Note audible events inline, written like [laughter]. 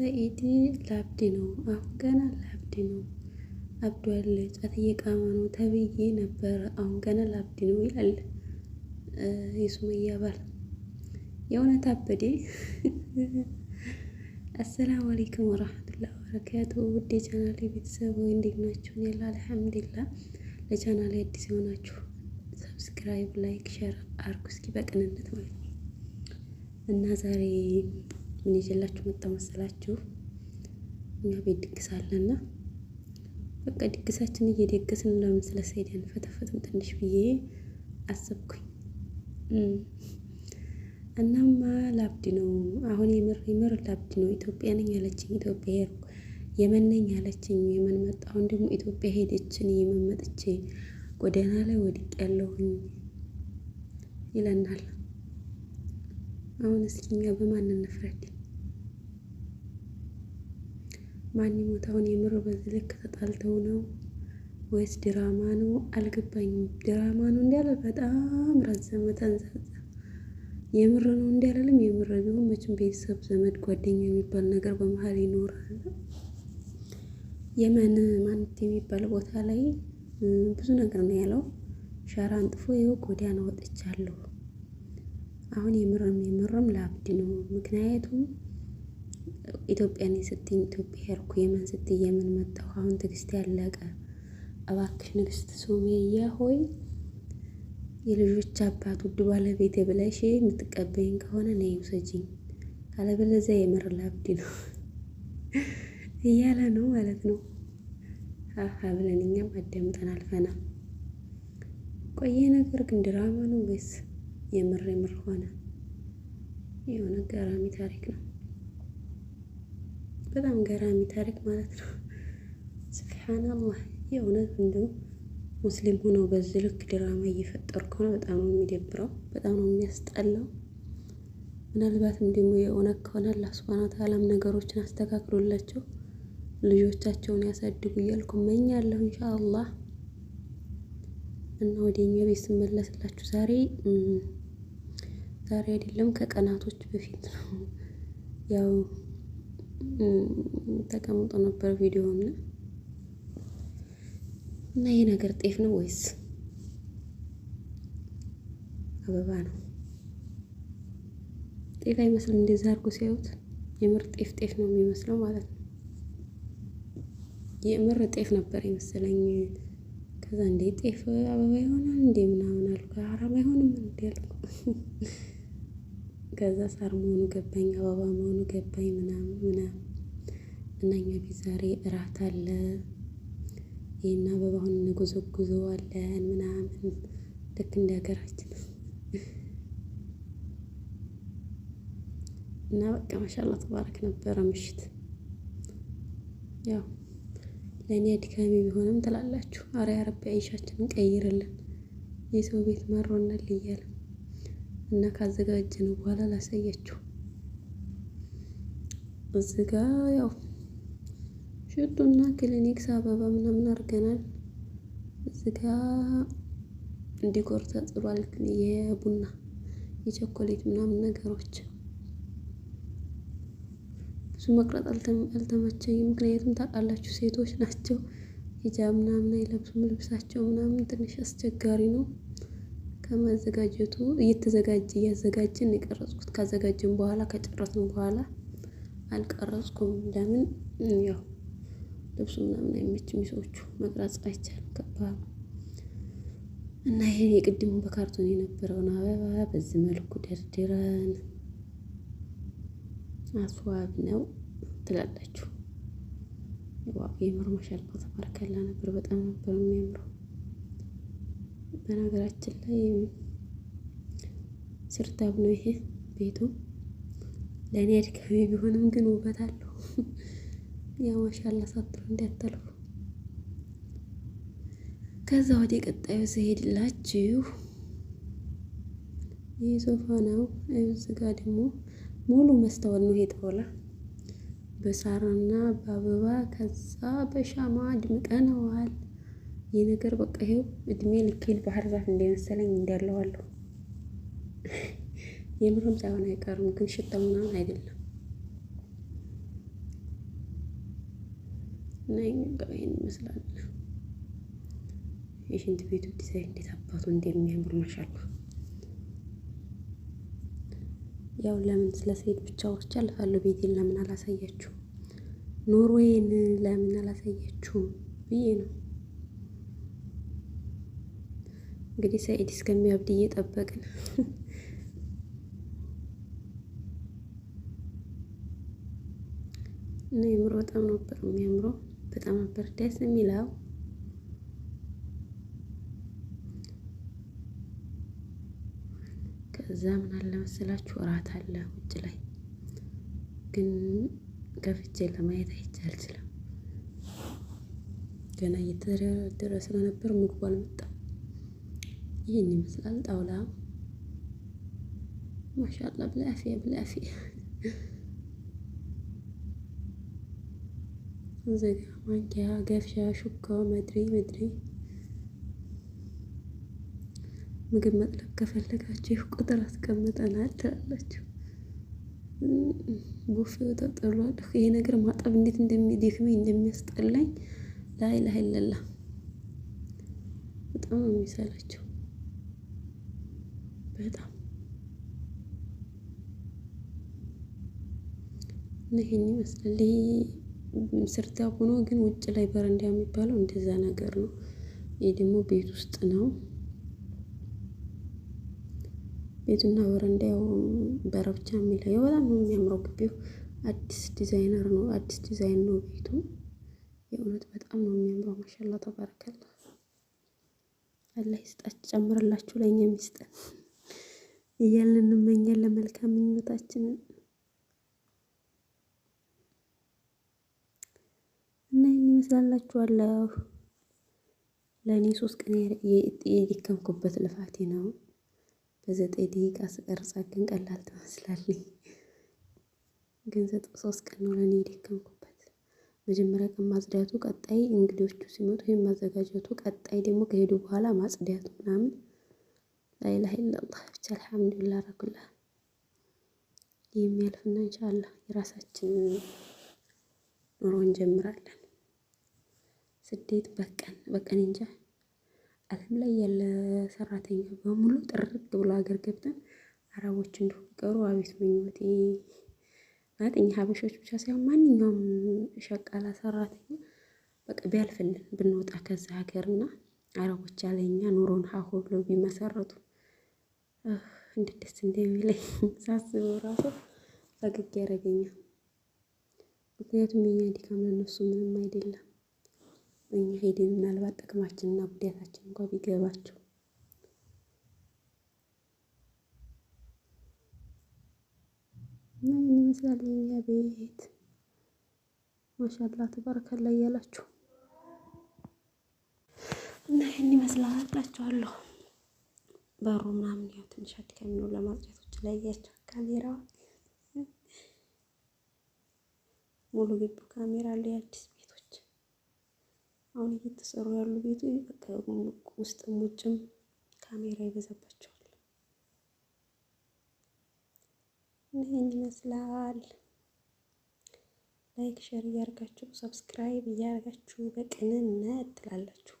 ሰኢድ ለአብዲ ነው። አሁን ገና ለአብዲ ነው። አብዷል ጫት እየቃመ ነው ተብዬ ነበረ። አሁን ገና ለአብዲ ነው ይላል የሱመያ ባል። የእውነት አበዴ። [laughs] አሰላሙ አለይኩም ወራህመቱላሂ ወበረካቱ። ውድ የቻናሌ ቤተሰቦች እንዴት ናችሁ? ኔላ አልሐምዱሊላህ። ለቻናሌ አዲስ የሆናችሁ ሰብስክራይብ፣ ላይክ፣ ሸር አርጉ እስኪ በቅንነት ማለት ነው እና ዛሬ ምን ይዤላችሁ መጣሁ መሰላችሁ? እኛ ቤት ድግስ አለና በቃ ድግሳችን እየደገስን ምናምን ስለሰይደን ፈተፈትም ትንሽ ብዬ አሰብኩኝ። እናማ ላብድ ነው አሁን የምር የምር ላብድ ነው። ኢትዮጵያ ነኝ ያለችኝ ኢትዮጵያ ሄድኩ፣ የመን ነኝ ያለችኝ የመን መጣ። አሁን ደግሞ ኢትዮጵያ ሄደችን የመን መጥቼ ጎዳና ላይ ወድቅ ያለሁኝ ይለናል። አሁን እስኪ እኛ በማን እንፍረድ? ማን ይሞት? አሁን የምር በዚህ ልክ ተጣልተው ነው ወይስ ድራማ ነው? አልገባኝም። ድራማ ነው እንዲያለ በጣም ረዘመ፣ ተንዛዛ። የምር ነው እንዲያለልም የምር ቢሆን መቼም ቤተሰብ፣ ዘመድ፣ ጓደኛ የሚባል ነገር በመሀል ይኖራል። የመን ማንት የሚባል ቦታ ላይ ብዙ ነገር ነው ያለው። ሻራ አንጥፎ ይኸው ጎዳና ወጥቻለሁ። አሁን የምርም የምርም ለአብድ ነው ምክንያቱም ኢትዮጵያን ስትኝ ኢትዮጵያ ሄድኩ፣ የመን ስትይ የመን መጣሁ። አሁን ትዕግስት ያለቀ። እባክሽ ንግስት ሱመያ ሆይ የልጆች አባት ውድ ባለቤቴ ብለሽ የምትቀበይኝ ከሆነ ነይ ውሰጂኝ፣ አለበለዚያ የምር ላብድ ነው [laughs] እያለ ነው ማለት ነው። ሀሀ ብለን እኛም አዳምጠን አልፈናል። ቆየ ነገር ግን ድራማ ነው ወይስ የምር የምር ሆነ? የሆነ ገራሚ ታሪክ ነው። በጣም ገራሚ ታሪክ ማለት ነው። ስብሓናላህ የእውነት እንዲሁ ሙስሊም ሆኖ በዚህ ልክ ድራማ እየፈጠሩ ከሆነ በጣም ነው የሚደብረው፣ በጣም ነው የሚያስጠላው። ምናልባትም ደግሞ የእውነት ከሆነ አላህ ሱብሃነ ወተዓላም ነገሮችን አስተካክሎላቸው ልጆቻቸውን ያሳድጉ እያልኩ መኛለሁ ኢንሻአላህ። እና ወደ እኛ ቤት ስመለስላችሁ ዛሬ ዛሬ አይደለም ከቀናቶች በፊት ነው ያው ተቀምጦ ነበር ቪዲዮ እና እና ይህ ነገር ጤፍ ነው ወይስ አበባ ነው? ጤፍ አይመስልም። እንደዛ አድርጎ ሲያዩት የምር ጤፍ ጤፍ ነው የሚመስለው ማለት ነው። የምር ጤፍ ነበር ይመስለኝ። ከዛ እንዴ ጤፍ አበባ ይሆናል እንዴ ምናምን አልኩ። አራም አይሆንም እንዲ ያልኩ ከዛ ሳር መሆኑ ገባኝ፣ አበባ መሆኑ ገባኝ ምናምን ምናምን እና እኛ ቤት ዛሬ እራት አለ ይህና አበባውን እንጎዘጉዘዋለን ምናምን ልክ እንደ ሀገራችን እና በቃ ማሻላ ተባረክ ነበረ ምሽት። ያው ለእኔ አድካሚ ቢሆንም ትላላችሁ አረ ያረቢ አይሻችንን ቀይርልን የሰው ቤት መሮናል እያለ እና ነው በኋላ ላሳያችሁ። እዚህ ጋ ያው ሽቱና ክሊኒክስ አበባ ምናምን አድርገናል። እዚህ ጋ ዲኮር ተጥሏል። የቡና የቸኮሌት ምናምን ነገሮች ብዙ መቅረጥ አልተመቸኝም። ምክንያቱም ታውቃላችሁ ሴቶች ናቸው ሂጃብ ምናምን አይለብሱም። ልብሳቸው ምናምን ትንሽ አስቸጋሪ ነው። ከማዘጋጀቱ እየተዘጋጀ እያዘጋጀን የቀረጽኩት ካዘጋጀን በኋላ ከጨረስን በኋላ አልቀረጽኩም። ለምን ያው ልብሱ ምናምን አይመችም፣ ሰዎቹ መቅረጽ አይቻልም፣ ከባድ እና ይሄን የቅድሙ በካርቶን የነበረውን አበባ በዚህ መልኩ ደርድረን አስዋብ ነው ትላላችሁ። የምር ማሻአላ ተባረከላ ነበር። በጣም ነበር የሚያምረው። በነገራችን ላይ ስርታብ ነው ይሄ ቤቱ። ለእኔ አድካሚ ቢሆንም ግን ውበት አለው። [laughs] ያው ማሻላ ሳትሉ እንዳታልፉ። ከዛ ወደ ቀጣዩ ስሄድላችሁ ይህ ሶፋ ነው። እዚህ ጋ ደግሞ ሙሉ መስታወት ነው ይሄ ጣውላ በሳርና በአበባ ከዛ በሻማ ድምቀነዋል። ይህ ነገር በቃ ይሄው እድሜ ልኬን ባህር ዛፍ እንደመሰለኝ እንዳለዋለሁ። [laughs] የምሮም ሳይሆን አይቀርም ግን ሽታ ምናምን አይደለም እና ይህን ይመስላል። የሽንት ቤቱ ዲዛይን እንዴት አባቱ እንደሚያምር ማሻላ። ያው ለምን ስለ ሴት ብቻ ወርቻ አልፋለሁ። ቤቴን ለምን አላሳያችሁም? ኖርዌይን ለምን አላሳያችሁም ብዬ ነው። እንግዲህ ሰኢድ እስከሚያብድ እየጠበቅን እና የምር በጣም ነበር የሚያምረው። በጣም ነበር ደስ የሚለው። ከዛ ምን አለ መሰላችሁ እራት አለ ውጭ ላይ ግን ከፍቼ ለማየት አይቻልችልም። ገና እየተደረደረ ስለነበር ምግቡ አልመጣም። ይህን ይመስላል ጣውላ። ማሻላ ብላፊያ ብላፊያ ዘጋ ማንኪያ፣ ገፍሻ፣ ሹካ፣ መድሪ መድሪ። ምግብ መጥለብ ከፈለጋችሁ ቁጥር አስቀምጠናል ትላላችሁ። ቡፌው ተጥሏል። ይሄ ነገር ማጠብ እንዴት እንደሚደክመኝ እንደሚያስጠላኝ ላይ ላይ ለላ በጣም ነው የሚሰላቸው። በጣም ይህን ይመስላል። ይሄ ስርታ ሆኖ ግን ውጭ ላይ በረንዳ የሚባለው እንደዛ ነገር ነው። ይሄ ደግሞ ቤት ውስጥ ነው። ቤቱና በረንዳው በረብቻ የሚለየው በጣም ነው የሚያምረው። ግቢው አዲስ ዲዛይነር ነው፣ አዲስ ዲዛይን ነው ቤቱ። የእውነት በጣም ነው የሚያምረው። ማሻላ ተባረከላ። አላህ ይስጣችሁ፣ ጨምርላችሁ፣ ለእኛ ይስጠን። እያልን እንመኛለን መልካም ምኞታችንን እና ይህን ይመስላላችኋለሁ። ለእኔ ሶስት ቀን የደከምኩበት ልፋቴ ነው። በዘጠኝ ደቂቃ ስቀርጻ ግን ቀላል ትመስላለች፣ ግን ሶስት ቀን ነው ለእኔ የደከምኩበት። መጀመሪያ ቀን ማጽዳቱ፣ ቀጣይ እንግዶቹ ሲመጡ ይህን ማዘጋጀቱ፣ ቀጣይ ደግሞ ከሄዱ በኋላ ማጽዳቱ ምናምን ላኢላሀ ኢለላህ ብቻ አልሐምዱሊላህ ረጉላ የሚያልፍና ኢንሻአላህ የራሳችን ኑሮ እንጀምራለን። ስደት በቀን በቀን እንጃ ዓለም ላይ ያለ ሰራተኛ በሙሉ ጥርቅ ብሎ ሀገር ገብተን አረቦች እንዲሁ ቢቀሩ አቤት ምኞቴ ማለት እኛ ሀበሾች ብቻ ሳይሆን ማንኛውም ሸቃላ ሰራተኛ በቃ ቢያልፍልን ብንወጣ ከዛ ሀገርና አረቦች ያለኛ ኑሮን ሀሁ ብለው ቢመሰረቱ እንዴት ደስ እንደሚለኝ [laughs] ሳስበው ራሱ ፈገግ ያደረገኛል። ምክንያቱም የኛ ድካም ለነሱ ምንም አይደለም። እኛ ሄደን ምናልባት ጥቅማችንና ጉዳታችን እንኳ ቢገባቸው ምን ይመስላል የኛ ቤት ማሻላ ተባረከላ እያላችሁ እና ይህን ይመስላል እላችኋለሁ። በሩ ምናምን ያው ትንሽ አድካሚ ነው ለማጽዳት ውጭ ላይ ሙሉ ግቢ ካሜራ አለ። የአዲስ ቤቶች አሁን እየተሰሩ ያሉ ቤቶች በቃ ውስጥም ውጭም ካሜራ ይበዛባቸዋል። ይህን ይመስላል። ላይክ ሸር እያደርጋችሁ ሰብስክራይብ እያደርጋችሁ በቅንነት ትላላችሁ።